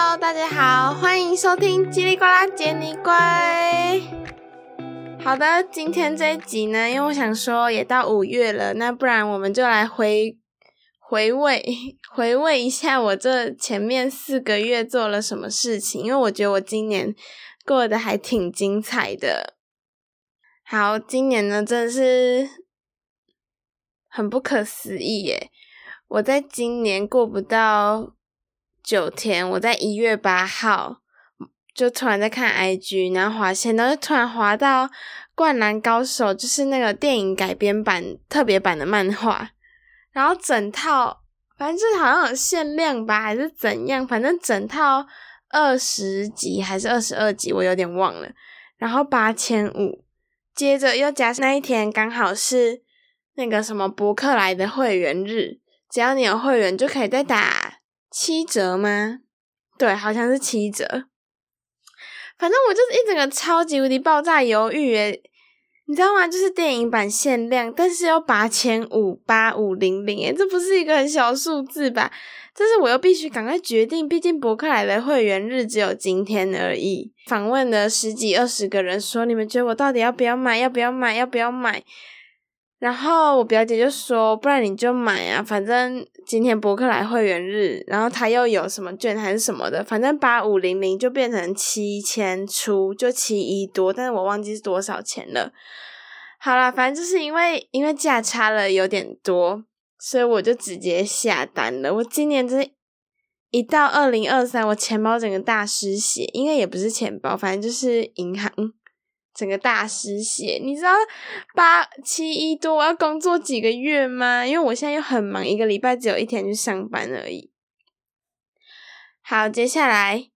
Hello，大家好，歡迎收聽嘰里呱啦傑尼龜。好的，今天這一集呢，因為我想說也到五月了，那不然我們就來回回味回味一下我這前面四個月做了什麼事情，因為我覺得我今年過得還挺精彩的。好，今年呢真的是很不可思議耶，我在今年過不到。九天，我在一月八號就突然在看 IG，然後劃線，然後就突然劃到《灌籃高手》，就是那個電影改編版特別版的漫畫，然後整套反正就好像有限量吧，還是怎樣，反正整套二十集還是二十二集，我有點忘了。然後八千五，接着又加上那一天剛好是那個什麼博客來的會員日，只要你有會員就可以再打。七折嗎？對，好像是七折。反正我就是一整個超級無敵爆炸猶豫哎，你知道嗎？就是電影版限量，但是要八千五八五零零誒，這不是一個很小數字吧？但是我又必須趕快決定，畢竟博客來的會員日只有今天而已。訪問了十幾二十個人，說，你們覺得我到底要不要買？要不要買？要不要買？然後我表姐就說：“不然你就買啊，反正今天博客來會員日，然後他又有什麼券還是什麼的，反正八五零零就變成七千出，就七一多，但是我忘記是多少錢了。好啦，反正就是因為因為價差了有點多，所以我就直接下單了。我今年這一到二零二三，我錢包整個大失血，應該也不是錢包，反正就是銀行。”整個大失血，你知道八七一多我要工作幾個月嗎？因為我現在又很忙，一個禮拜只有一天去上班而已。好，接下來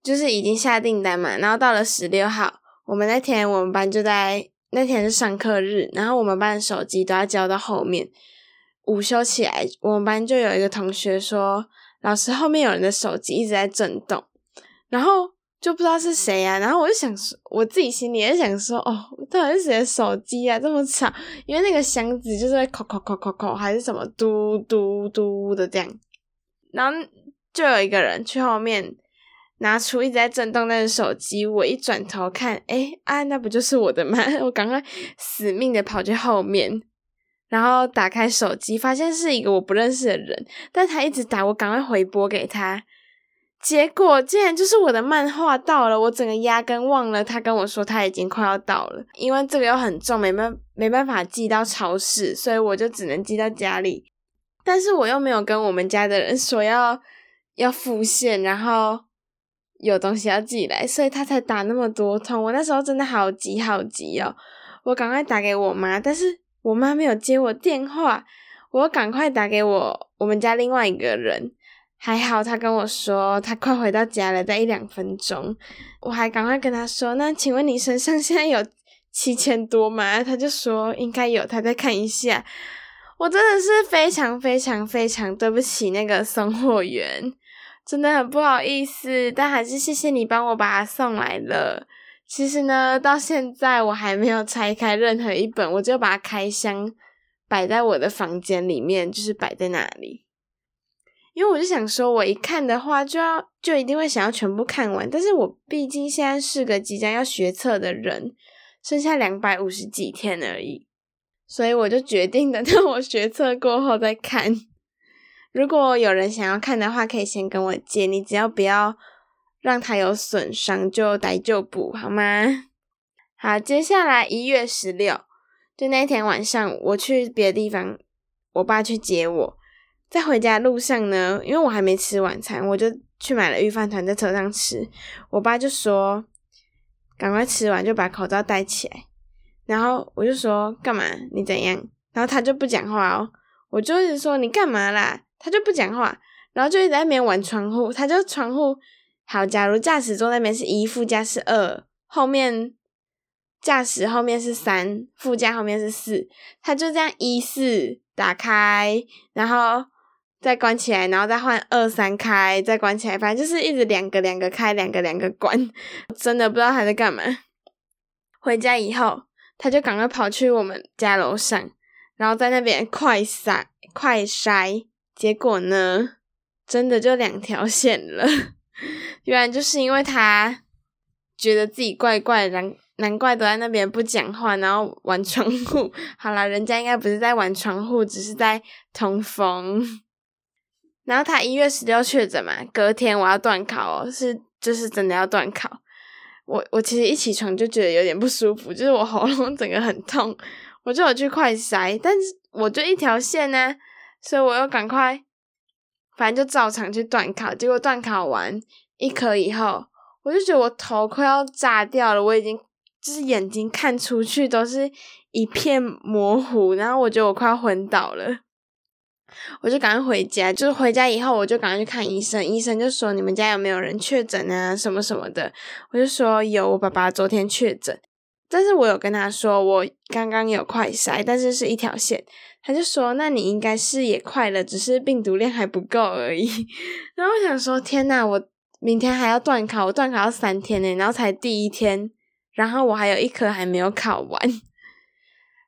就是已經下訂單嘛，然後到了十六號，我們那天我們班就在那天是上課日，然後我們班的手機都要交到後面。午休起來，我們班就有一個同學說，老師後面有人的手機一直在震動，然後。就不知道是誰呀、啊，然後我就想說，我自己心裡也想說，哦，到底是誰的手機啊，這麼吵？因為那個箱子就是在“咔咔咔咔咔”還是什麼“嘟嘟嘟”的這樣，然後就有一個人去後面拿出一直在震動那個手機，我一轉頭看，誒、欸、啊，那不就是我的嗎？我趕快死命的跑去後面，然後打開手機，發現是一個我不認識的人，但他一直打，我趕快回撥給他。結果竟然就是我的漫畫到了，我整個壓根忘了他跟我說他已經快要到了，因為這個又很重，沒辦沒辦法寄到超市，所以我就只能寄到家裡。但是我又沒有跟我們家的人說要要付現，然後有東西要寄來，所以他才打那麼多通。我那時候真的好急好急哦，我趕快打給我媽，但是我媽沒有接我電話，我趕快打給我我們家另外一個人。還好，他跟我說他快回到家了，再一兩分鐘。我還趕快跟他說：“那請問你身上現在有七千多嗎？”他就說：“應該有，他再看一下。”我真的是非常非常非常對不起那個送貨員，真的很不好意思。但還是謝謝你幫我把它送來了。其實呢，到現在我還沒有拆開任何一本，我就把它開箱擺在我的房間裡面，就是擺在那裡。因為我就想說，我一看的話，就要就一定會想要全部看完。但是我畢竟現在是個即將要學測的人，剩下兩百五十幾天而已，所以我就決定等我學測過後再看。如果有人想要看的話，可以先跟我借，你只要不要讓他有損傷就逮就補好嗎？好，接下來一月十六，就那天晚上我去別的地方，我爸去接我。在回家路上呢，因為我還沒吃晚餐，我就去買了御飯糰在車上吃。我爸就說：“趕快吃完，就把口罩戴起來。”然後我就說：“幹嘛？你怎樣？”然後他就不講話哦。我就是說：“你幹嘛啦？”他就不講話，然後就一直在那邊玩窗戶。他就窗戶。好，假如駕駛座那邊是一，副駕是二，後面駕駛後面是三，副駕後面是四。他就這樣一四打開，然後。再關起來，然後再換二三開，再關起來，反正就是一直兩個兩個開，兩個兩個關，真的不知道他在幹嘛。回家以後，他就趕快跑去我們家樓上，然後在那邊快篩快篩，結果呢，真的就兩條線了。原來就是因為他覺得自己怪怪的，難怪都在那邊不講話，然後玩窗戶。好了，人家應該不是在玩窗戶，只是在通風。然後他一月十六確診嘛，隔天我要段考、哦，是就是真的要段考。我我其實一起床就覺得有點不舒服，就是我喉嚨整個很痛，我就有去快篩，但是我就一條線呢、啊，所以我又趕快，反正就照常去段考。結果段考完一科以後，我就覺得我頭快要炸掉了，我已經就是眼睛看出去都是一片模糊，然後我覺得我快要昏倒了。我就趕快回家，就是回家以後，我就趕快去看醫生。醫生就說：“你們家有沒有人確診啊？什麼什麼的？”我就說：“有，我爸爸昨天確診。”但是我有跟他說，我剛剛有快篩，但是是一條線。他就說：“那你應該是也快了，只是病毒量還不夠而已。”然後我想說：“天吶，我明天還要段考，我段考要三天呢，然後才第一天，然後我還有一科還沒有考完。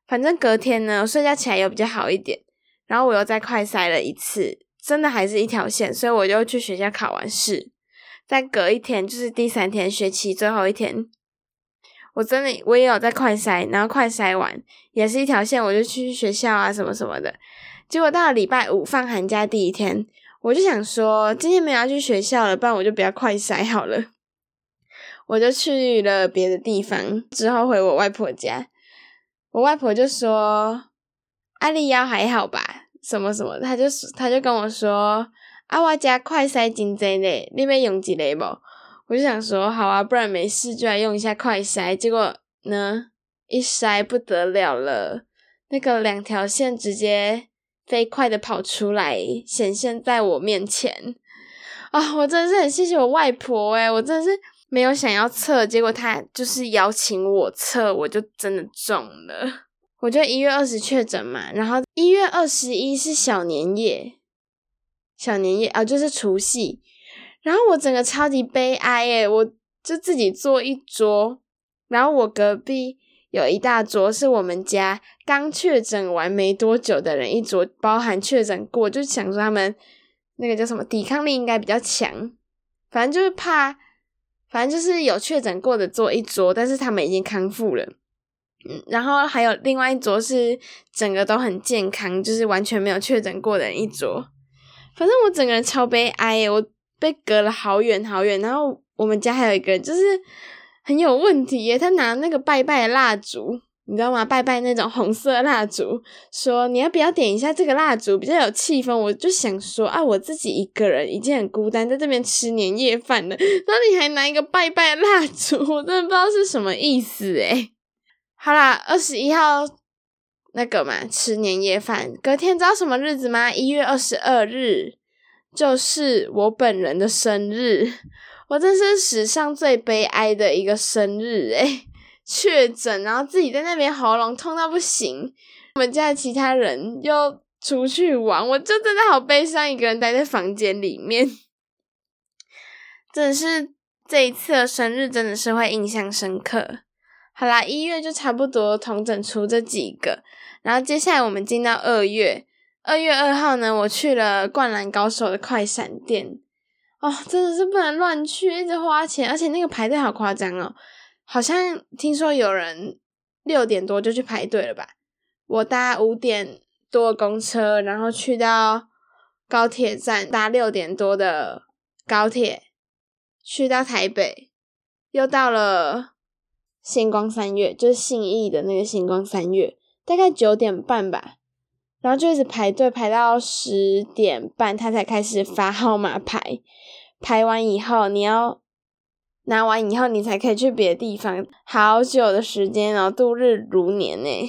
反正隔天呢，我睡覺起來有比較好一點。”然後我又再快篩了一次，真的還是一條線，所以我就去學校考完試，再隔一天，就是第三天學期最後一天，我真的我也有在快篩，然後快篩完也是一條線，我就去學校啊什麼什麼的，結果到了禮拜五放寒假第一天，我就想說今天沒有要去學校了，不然我就不要快篩好了，我就去了別的地方，之後回我外婆家，我外婆就說。阿里妖還好吧？什麼什麼？他就他就跟我說：“阿娃家快篩金針嘞，那邊有幾雷姆。”我就想說：“好啊，不然沒事就來用一下快篩，結果呢，一篩不得了了，那個兩條線直接飛快的跑出來，顯現在我面前。啊，我真的是很謝謝我外婆誒，我真的是沒有想要測，結果她就是邀請我測，我就真的中了。我就一月二十確診嘛，然後一月二十一是小年夜，小年夜啊，就是除夕。然後我整個超級悲哀誒，我就自己坐一桌，然後我隔壁有一大桌是我們家剛確診完沒多久的人一桌，包含確診過，就想說他們那個叫什麼抵抗力應該比較強，反正就是怕，反正就是有確診過的坐一桌，但是他們已經康復了。嗯、然後還有另外一桌是整個都很健康，就是完全沒有確診過的一桌。反正我整個人超悲哀，欸，我被隔了好遠好遠。然後我們家還有一個就是很有問題耶，欸，他拿那個拜拜的蠟燭，你知道嗎？拜拜那種紅色蠟燭，說你要不要點一下這個蠟燭，比較有氣氛。我就想說，啊，我自己一個人已經很孤單，在這邊吃年夜飯了，那你還拿一個拜拜的蠟燭，我真的不知道是什麼意思誒、欸好啦，二十一號那個嘛，吃年夜飯。隔天知道什麼日子嗎？一月二十二日，就是我本人的生日。我這是史上最悲哀的一個生日誒、欸、確診，然後自己在那邊喉嚨痛到不行。我們家的其他人又出去玩，我就真的好悲傷，一個人待在房間裡面。真的是這一次的生日，真的是會印象深刻。好啦，一月就差不多統整出這幾個，然後接下來我們進到二月，二月二號呢，我去了《灌籃高手》的快閃店，哦，真的是不能亂去，一直花錢，而且那個排隊好誇張哦，好像聽說有人六點多就去排隊了吧？我搭五點多的公車，然後去到高鐵站，搭六點多的高鐵去到台北，又到了。星光三月就是信義的那個新光三越，大概九點半吧，然後就一直排隊排到十點半，他才開始發號碼牌。排完以後，你要拿完以後，你才可以去別的地方。好久的時間，然後度日如年呢，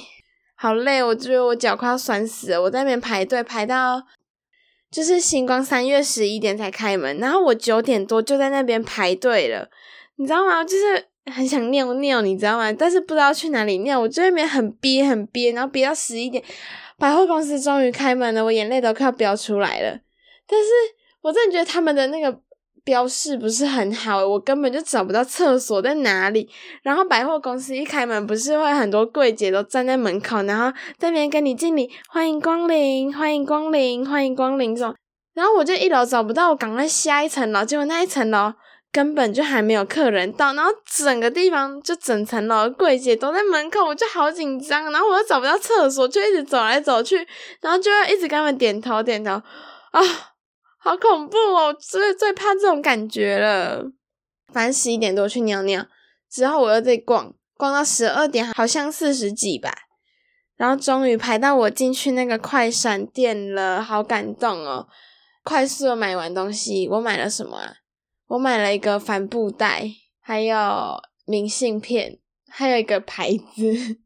好累，我覺得我腳快要酸死了。我在那邊排隊排到，就是新光三越十一點才開門，然後我九點多就在那邊排隊了，你知道嗎？就是。很想尿尿，你知道嗎？但是不知道去哪裡尿，我這邊很憋，很憋，然後憋到十一點，百貨公司終於開門了，我眼淚都快要飆出來了。但是我真的覺得他們的那個標示不是很好欸，我根本就找不到廁所在哪裡。然後百貨公司一開門，不是會很多櫃姐都站在門口，然後這邊跟你敬禮，歡迎光臨，歡迎光臨，歡迎光臨這種。然後我就一樓找不到我，我趕快下一層樓，結果那一層樓。根本就還沒有客人到，然後整個地方就整層樓櫃姐都在門口，我就好緊張，然後我又找不到廁所，就一直走來走去，然後就要一直跟他們點頭點頭，啊、哦，好恐怖哦！我最最怕這種感覺了。反正十一點多去尿尿之後，我又得逛逛到十二點，好像四十幾吧，然後終於排到我進去那個快閃店了，好感動哦！快速的買完東西，我買了什麼啊？我買了一個帆布袋，還有明信片，還有一個牌子，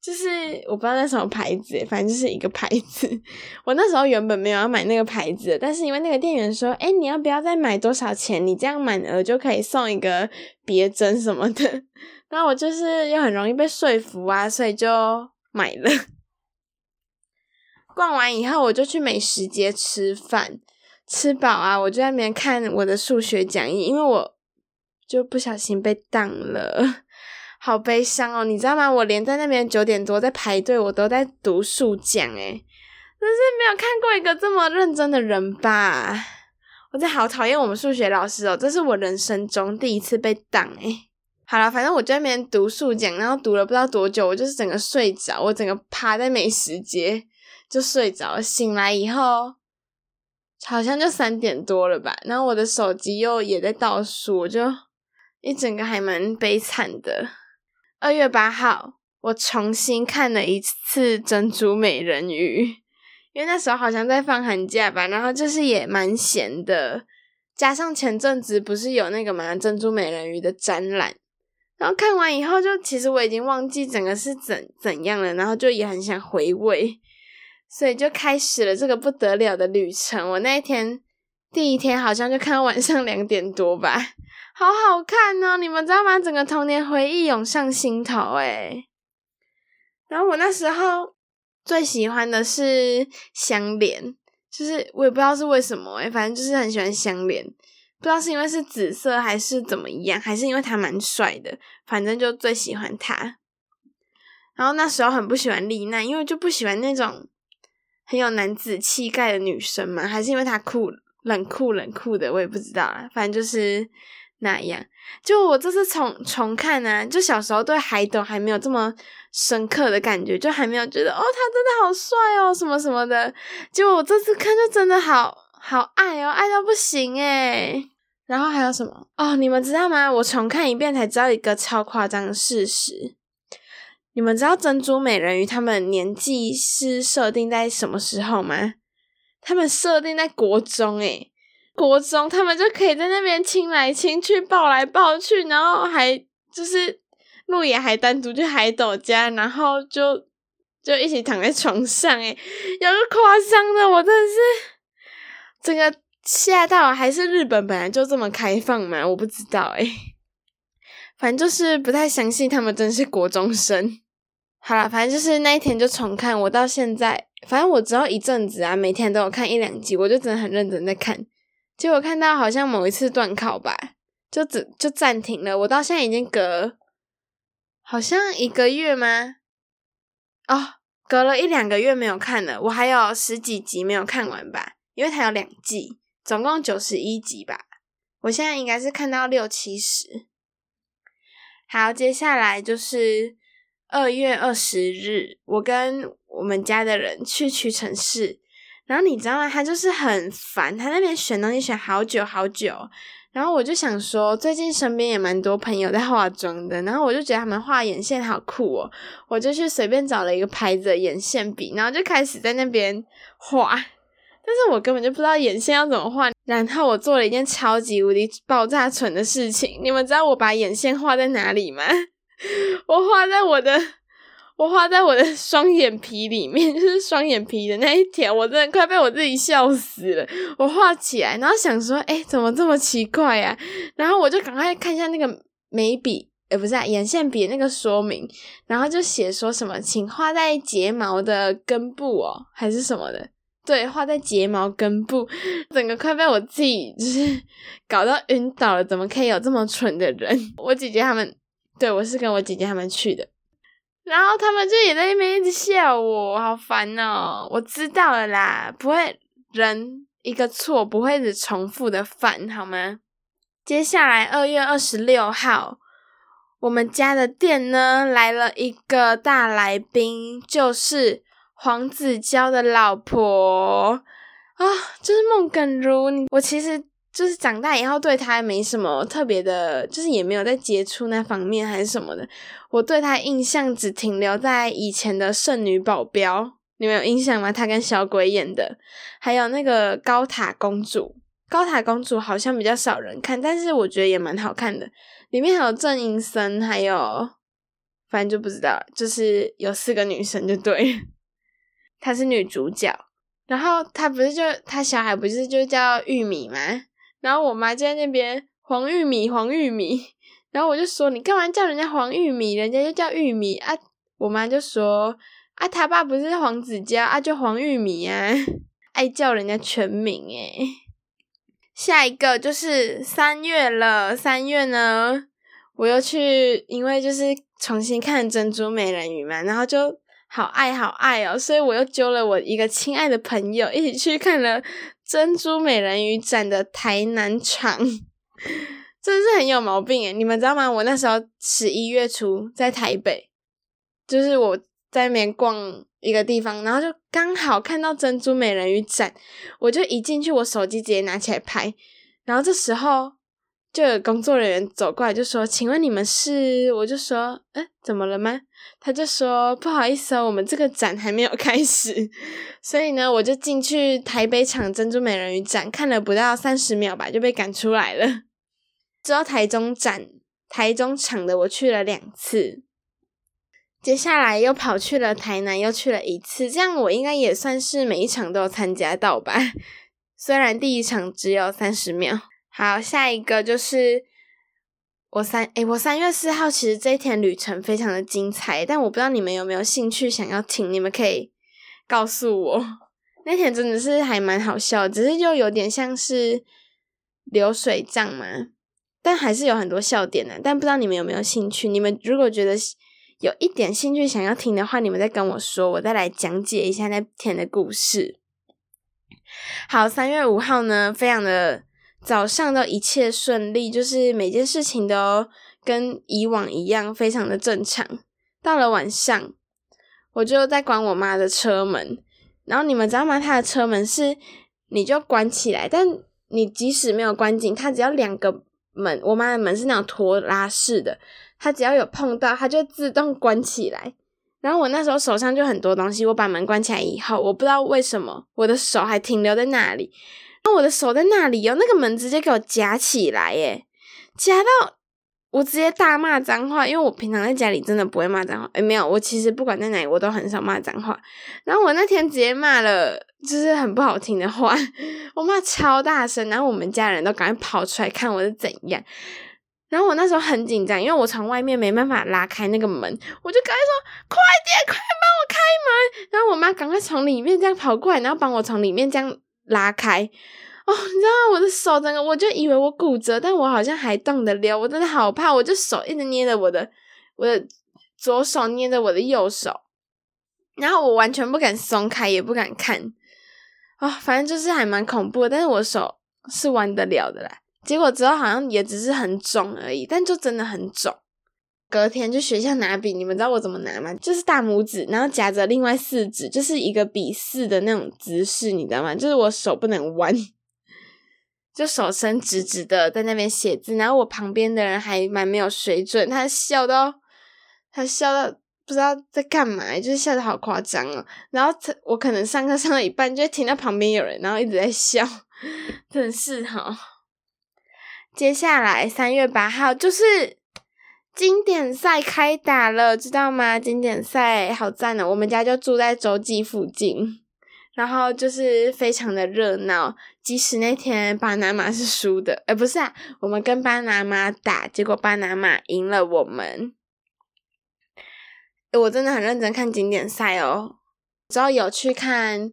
就是我不知道那什麼牌子，反正就是一個牌子。我那時候原本沒有要買那個牌子，但是因為那個店員說：“欸，你要不要再買多少錢？你這樣滿額就可以送一個別針什麼的。”然後我就是又很容易被說服啊，所以就買了。逛完以後，我就去美食街吃飯。吃飽啊！我就在那邊看我的數學講義，因為我就不小心被擋了，好悲傷哦！你知道嗎？我連在那邊九點多在排隊，我都在讀數講，哎，真是沒有看過一個這麼認真的人吧！我就好討厭我們數學老師哦，這是我人生中第一次被擋哎、欸。好了，反正我就在那邊讀數講，然後讀了不知道多久，我就是整個睡着，我整個趴在美食街就睡着，醒來以後。好像就三點多了吧，然後我的手機又也在倒數，就一整個還蠻悲慘的。二月八號，我重新看了一次《珍珠美人魚》，因為那時候好像在放寒假吧，然後就是也蠻閒的，加上前陣子不是有那個嘛《珍珠美人魚》的展覽，然後看完以後就其實我已經忘記整個是怎怎樣了，然後就也很想回味。所以就開始了這個不得了的旅程。我那一天第一天好像就看到晚上兩點多吧，好好看哦，你們知道嗎？整個童年回憶湧上心頭誒，然後我那時候最喜歡的是香蓮，就是我也不知道是為什麼誒，反正就是很喜歡香蓮。不知道是因為是紫色還是怎麼樣，還是因為他蠻帥的，反正就最喜歡他。然後那時候很不喜歡麗娜，因為就不喜歡那種。很有男子氣概的女生嘛，還是因為她酷冷酷冷酷的，我也不知道啊，反正就是那樣。就我這次重重看啊，就小時候對海斗還沒有這麼深刻的感覺，就還沒有覺得哦，他真的好帥哦，什麼什麼的。就我這次看就真的好好愛哦，愛到不行誒。然後還有什麼？哦，你們知道嗎？我重看一遍才知道一個超誇張的事實。你們知道珍珠美人魚他們年紀是設定在什麼時候嗎？他們設定在國中、欸，誒，國中他們就可以在那邊親來親去，抱來抱去，然後還就是路野還單獨去海斗家，然後就就一起躺在床上、欸，誒，有點誇張的，我真的是整個嚇到。還是日本本來就這麼開放嘛？我不知道、欸，誒。反正就是不太相信他們真是國中生。好了，反正就是那一天就重看。我到現在，反正我只要一陣子啊，每天都有看一兩集，我就真的很認真在看。結果看到好像某一次段考吧，就只就暫停了。我到現在已經隔好像一個月嗎？哦，隔了一兩個月沒有看了。我還有十幾集沒有看完吧，因為它有兩季，總共九十一集吧。我現在應該是看到六七十。好，接下來就是。二月二十日，我跟我們家的人去屈臣氏，然後你知道嗎？他就是很煩，他那邊選東西選好久好久，然後我就想說，最近身邊也蠻多朋友在化妝的，然後我就覺得他們畫眼線好酷哦，我就去隨便找了一個牌子的眼線筆，然後就開始在那邊畫，但是我根本就不知道眼線要怎麼畫，然後我做了一件超級無敵爆炸蠢的事情，你們知道我把眼線畫在哪裡嗎？我畫在我的，我畫在我的雙眼皮裡面，就是雙眼皮的那一條，我真的快被我自己笑死了。我畫起來，然後想說，誒，怎麼這麼奇怪呀？然後我就趕快看一下那個眉筆，誒，不是，眼線筆那個說明，然後就寫說什麼，請畫在睫毛的根部哦，還是什麼的？對，畫在睫毛根部，整個快被我自己就是搞到暈倒了。怎麼可以有這麼蠢的人？我姐姐他們。對，我是跟我姐姐他們去的，然後他們就也在那邊一直笑我，好煩哦！我知道了啦，不會人一個錯，不會是重複的犯，好嗎？接下來二月二十六號，我們家的店呢來了一個大來賓，就是黃子佼的老婆啊，就是孟耿如。你我其實。就是長大以後對他沒什麼特別的，就是也沒有在接觸那方面還是什麼的。我對他印象只停留在以前的《剩女保鏢》，你們有印象嗎？他跟小鬼演的，還有那個高塔公主《高塔公主》。《高塔公主》好像比較少人看，但是我覺得也蠻好看的。裡面還有鄭茵聲，還有反正就不知道，就是有四個女生就對，她是女主角。然後她不是就她小孩不是就叫玉米嗎？然後我媽就在那邊黃玉米黃玉米，然後我就說，你幹嘛叫人家黃玉米，人家就叫玉米啊。我媽就說啊，他爸不是黃子佼啊，就黃玉米啊，愛叫人家全名哎、欸。下一個就是三月了，三月呢，我又去，因為就是重新看《珍珠美人魚》嘛，然後就好愛好愛哦，所以我又揪了我一個親愛的朋友一起去看了。珍珠美人魚展的台南場真是很有毛病誒，你們知道嗎？我那時候十一月初在台北，就是我在那邊逛一個地方，然後就剛好看到珍珠美人魚展，我就一進去，我手機直接拿起來拍，然後這時候。就有工作人員走過來，就說：“請問你們是？”我就說：“哎、欸，怎麼了嗎？”他就說：“不好意思、哦，我們這個展還沒有開始。”所以呢，我就進去台北場珍珠美人魚展看了不到三十秒吧，就被趕出來了。知道台中展、台中場的我去了兩次，接下來又跑去了台南，又去了一次。這樣我應該也算是每一場都有參加到吧，雖然第一場只有三十秒。好，下一個就是我三哎，我三月四號其實這一天旅程非常的精彩，但我不知道你們有沒有興趣想要聽，你們可以告訴我。那天真的是還蠻好笑，只是就有點像是流水賬嘛，但還是有很多笑點的啊，但不知道你們有沒有興趣？你們如果覺得有一點興趣想要聽的話，你們再跟我說，我再來講解一下那天的故事。好，三月五號呢，非常的。早上的一切順利，就是每件事情都跟以往一樣，非常的正常。到了晚上，我就在關我媽的車門，然後你們知道嗎？她的車門是，你就關起來，但你即使沒有關緊，它只要兩個門，我媽的門是那種拖拉式的，它只要有碰到，它就自動關起來。然後我那時候手上就很多東西，我把門關起來以後，我不知道為什麼我的手還停留在那裡。然後我的手在那裡哦，那個門直接給我夾起來耶，夾到我直接大罵髒話，因為我平常在家裡真的不會罵髒話。誒，沒有，我其實不管在哪裡我都很少罵髒話。然後我那天直接罵了，就是很不好聽的話，我罵超大聲，然後我們家人都趕快跑出來看我是怎樣。然後我那時候很緊張，因為我從外面沒辦法拉開那個門，我就趕快說：“快點，快幫我開門！”然後我媽趕快從裡面這樣跑過來，然後幫我從裡面這樣。拉開，哦、oh,，你知道我的手整個，我就以為我骨折，但我好像還動得了，我真的好怕，我就手一直捏着我的，我的左手捏着我的右手，然後我完全不敢鬆開，也不敢看，啊、oh,，反正就是還蠻恐怖，但是我手是彎得了的啦，結果之後好像也只是很腫而已，但就真的很腫。隔天就學校拿筆，你們知道我怎麼拿嗎？就是大拇指，然後夾着另外四指，就是一個比四的那種姿勢，你知道嗎？就是我手不能彎，就手伸直直的在那邊寫字。然後我旁邊的人還蠻沒有水準，他笑到、哦，他笑到不知道在幹嘛，就是笑的好誇張啊。然後我可能上課上到一半，就聽到旁邊有人，然後一直在笑，真的是哈。接下來三月八號就是。經典賽開打了，知道嗎？經典賽好讚呢！我們家就住在洲際附近，然後就是非常的熱鬧。即使那天巴拿馬是輸的，哎，不是啊，我們跟巴拿馬打，結果巴拿馬贏了我們。誒我真的很認真看經典賽哦，之後有去看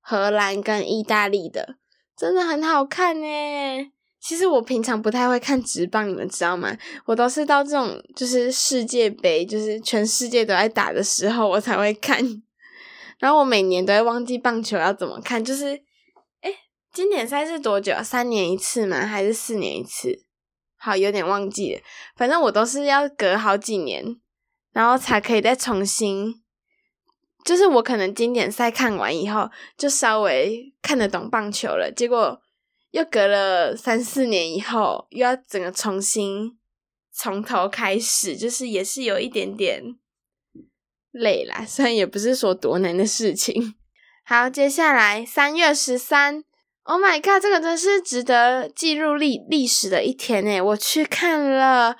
荷蘭跟意大利的，真的很好看呢。其實我平常不太會看職棒，你們知道嗎？我都是到這種就是世界盃，就是全世界都在打的時候，我才會看。然後我每年都會忘記棒球要怎麼看，就是誒，經典賽是多久？三年一次嗎？還是四年一次？好，有點忘記了。反正我都是要隔好幾年，然後才可以再重新。就是我可能經典賽看完以後，就稍微看得懂棒球了，結果。又隔了三四年以後，又要整個重新從頭開始，就是也是有一點點累啦。雖然也不是說多難的事情。好，接下來三月十三，Oh my god，這個真是值得記錄歷歷史的一天呢！我去看了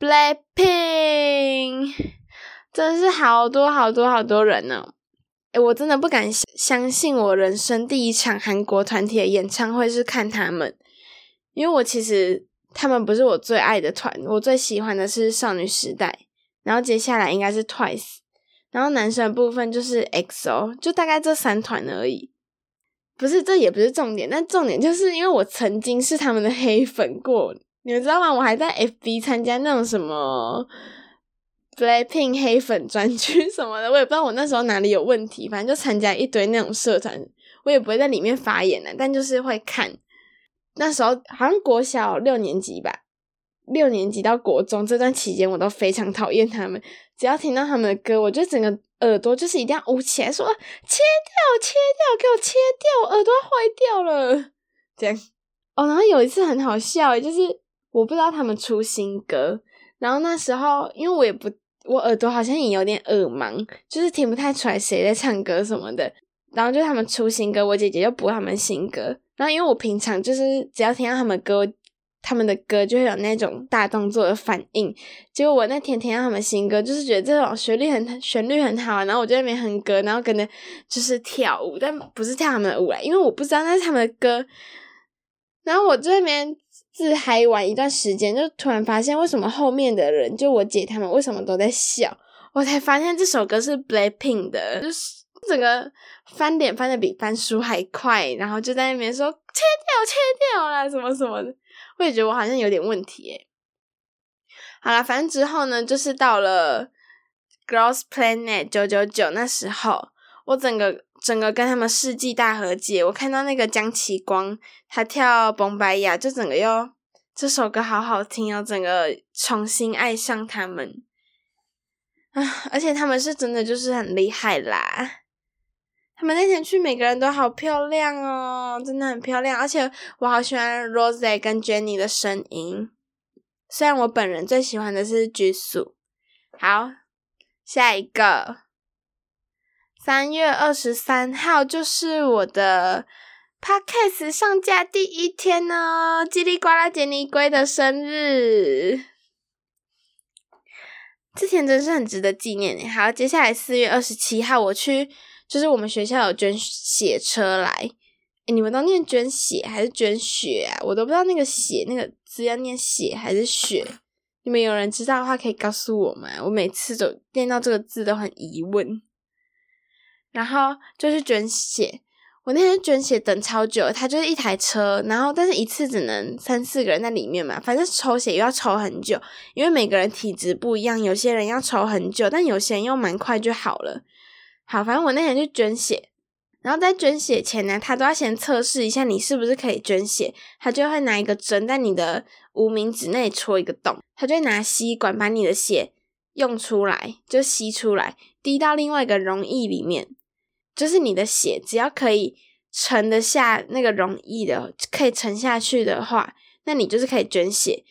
Blackpink，真是好多好多好多人呢，哦。誒、欸、我真的不敢相信，我人生第一場韓國團體的演唱會是看他們，因為我其實他們不是我最愛的團，我最喜歡的是少女時代，然後接下來應該是 Twice，然後男生部分就是 EXO，就大概這三團而已。不是，這也不是重點，但重點就是因為我曾經是他們的黑粉過，你們知道嗎？我還在 FB 參加那種什麼。Blackpink 黑粉專區什麼的，我也不知道我那時候哪裡有問題，反正就參加一堆那種社團，我也不會在裡面發言的，但就是會看。那時候好像國小六年級吧，六年級到國中這段期間，我都非常討厭他們。只要聽到他們的歌，我就整個耳朵就是一定要捂起來說，說切掉，切掉，給我切掉，耳朵壞掉了。這樣哦。Oh, 然後有一次很好笑，就是我不知道他們出新歌，然後那時候因為我也不。我耳朵好像也有點耳盲，就是聽不太出來誰在唱歌什麼的。然後就他們出新歌，我姐姐就播他們新歌。然後因為我平常就是只要聽到他們歌，他們的歌就會有那種大動作的反應。結果我那天聽到他們新歌，就是覺得這種旋律很旋律很好，然後我就那邊哼歌，然後跟着就是跳舞，但不是跳他們的舞啊，因為我不知道那是他們的歌。然後我這邊。自嗨完一段時間，就突然發現為什麼後面的人，就我姐他們為什麼都在笑？我才發現這首歌是 BLACKPINK 的，就是整個翻臉翻得比翻書還快，然後就在那邊說切掉切掉啦，什麼什麼的。我也覺得我好像有點問題誒。好了，反正之後呢，就是到了 Girls Planet 999那時候，我整個。整個跟他們世紀大和解，我看到那個江啟光，他跳《BOOMBAYAH》，就整個又這首歌好好聽哦，整個重新愛上他們啊！而且他們是真的就是很厲害啦，他們那天去每個人都好漂亮哦，真的很漂亮，而且我好喜歡 Rosé 跟 Jennie 的聲音，雖然我本人最喜歡的是 Jisoo。好，下一個。三月二十三號，就是我的 Podcast 上架第一天呢、哦，嘰里呱啦傑尼龜的生日，這天真是很值得紀念。好，接下來四月二十七號我去，就是我們學校有捐血車來、欸。你們都念捐血還是捐血啊？我都不知道那個血那個字要念血還是血。你們有人知道的話可以告訴我嗎？我每次都念到這個字都很疑問。然後就是捐血，我那天捐血等超久，他就是一台車，然後但是一次只能三四個人在裡面嘛，反正抽血又要抽很久，因為每個人體質不一樣，有些人要抽很久，但有些人又蠻快就好了。好，反正我那天就捐血，然後在捐血前呢，他都要先測試一下你是不是可以捐血，他就會拿一個針在你的無名指內戳一個洞，他就會拿吸管把你的血用出來，就吸出來，滴到另外一個溶液裡面。就是你的血只要可以沉得下那個溶液的，可以沉下去的話，那你就是可以捐血。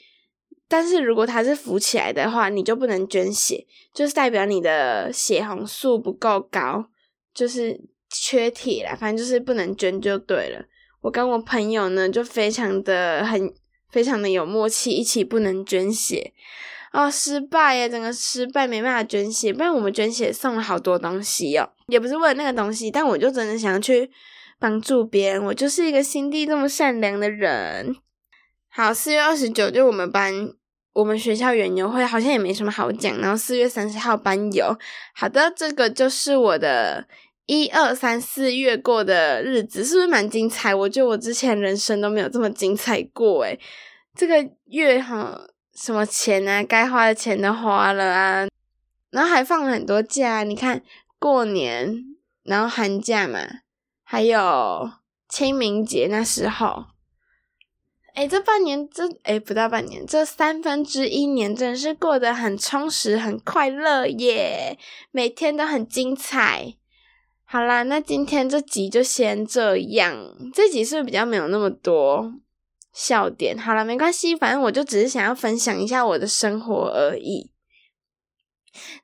但是如果它是浮起來的話，你就不能捐血，就是代表你的血紅素不夠高，就是缺鐵啦，反正就是不能捐就對了。我跟我朋友呢，就非常的很非常的有默契，一起不能捐血。哦，失敗呀，整個失敗，沒辦法捐血。不然我們捐血送了好多東西哦，也不是為了那個東西，但我就真的想要去幫助別人，我就是一個心地這麼善良的人。好，四月二十九就我們班我們學校園遊會，好像也沒什麼好講。然後四月三十號班遊，好的，這個就是我的一二三四月過的日子，是不是蠻精彩？我覺得我之前人生都沒有這麼精彩過哎，這個月哈。什麼錢啊？該花的錢都花了啊，然後還放了很多假、啊。你看，過年，然後寒假嘛，還有清明節那時候，誒、欸、這半年這誒、欸、不到半年，這三分之一年真的是過得很充實、很快樂耶，每天都很精彩。好啦，那今天這集就先這樣。這集是不是比較沒有那麼多？笑點好了，沒關係，反正我就只是想要分享一下我的生活而已。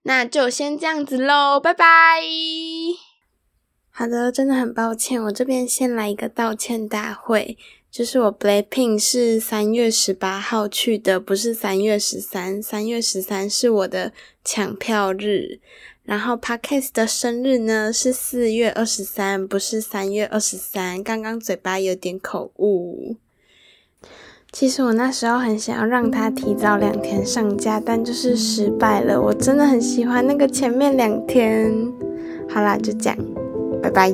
那就先這樣子嘍，拜拜。好的，真的很抱歉，我這邊先來一個道歉大會。就是我 BLACKPINK 是三月十八號去的，不是三月十三。三月十三是我的搶票日，然後 Podcast 的生日呢是四月二十三，不是三月二十三。剛剛嘴巴有點口誤。其實我那時候很想要讓他提早兩天上架，但就是失敗了。我真的很喜歡那個前面兩天。好啦，就這樣，拜拜。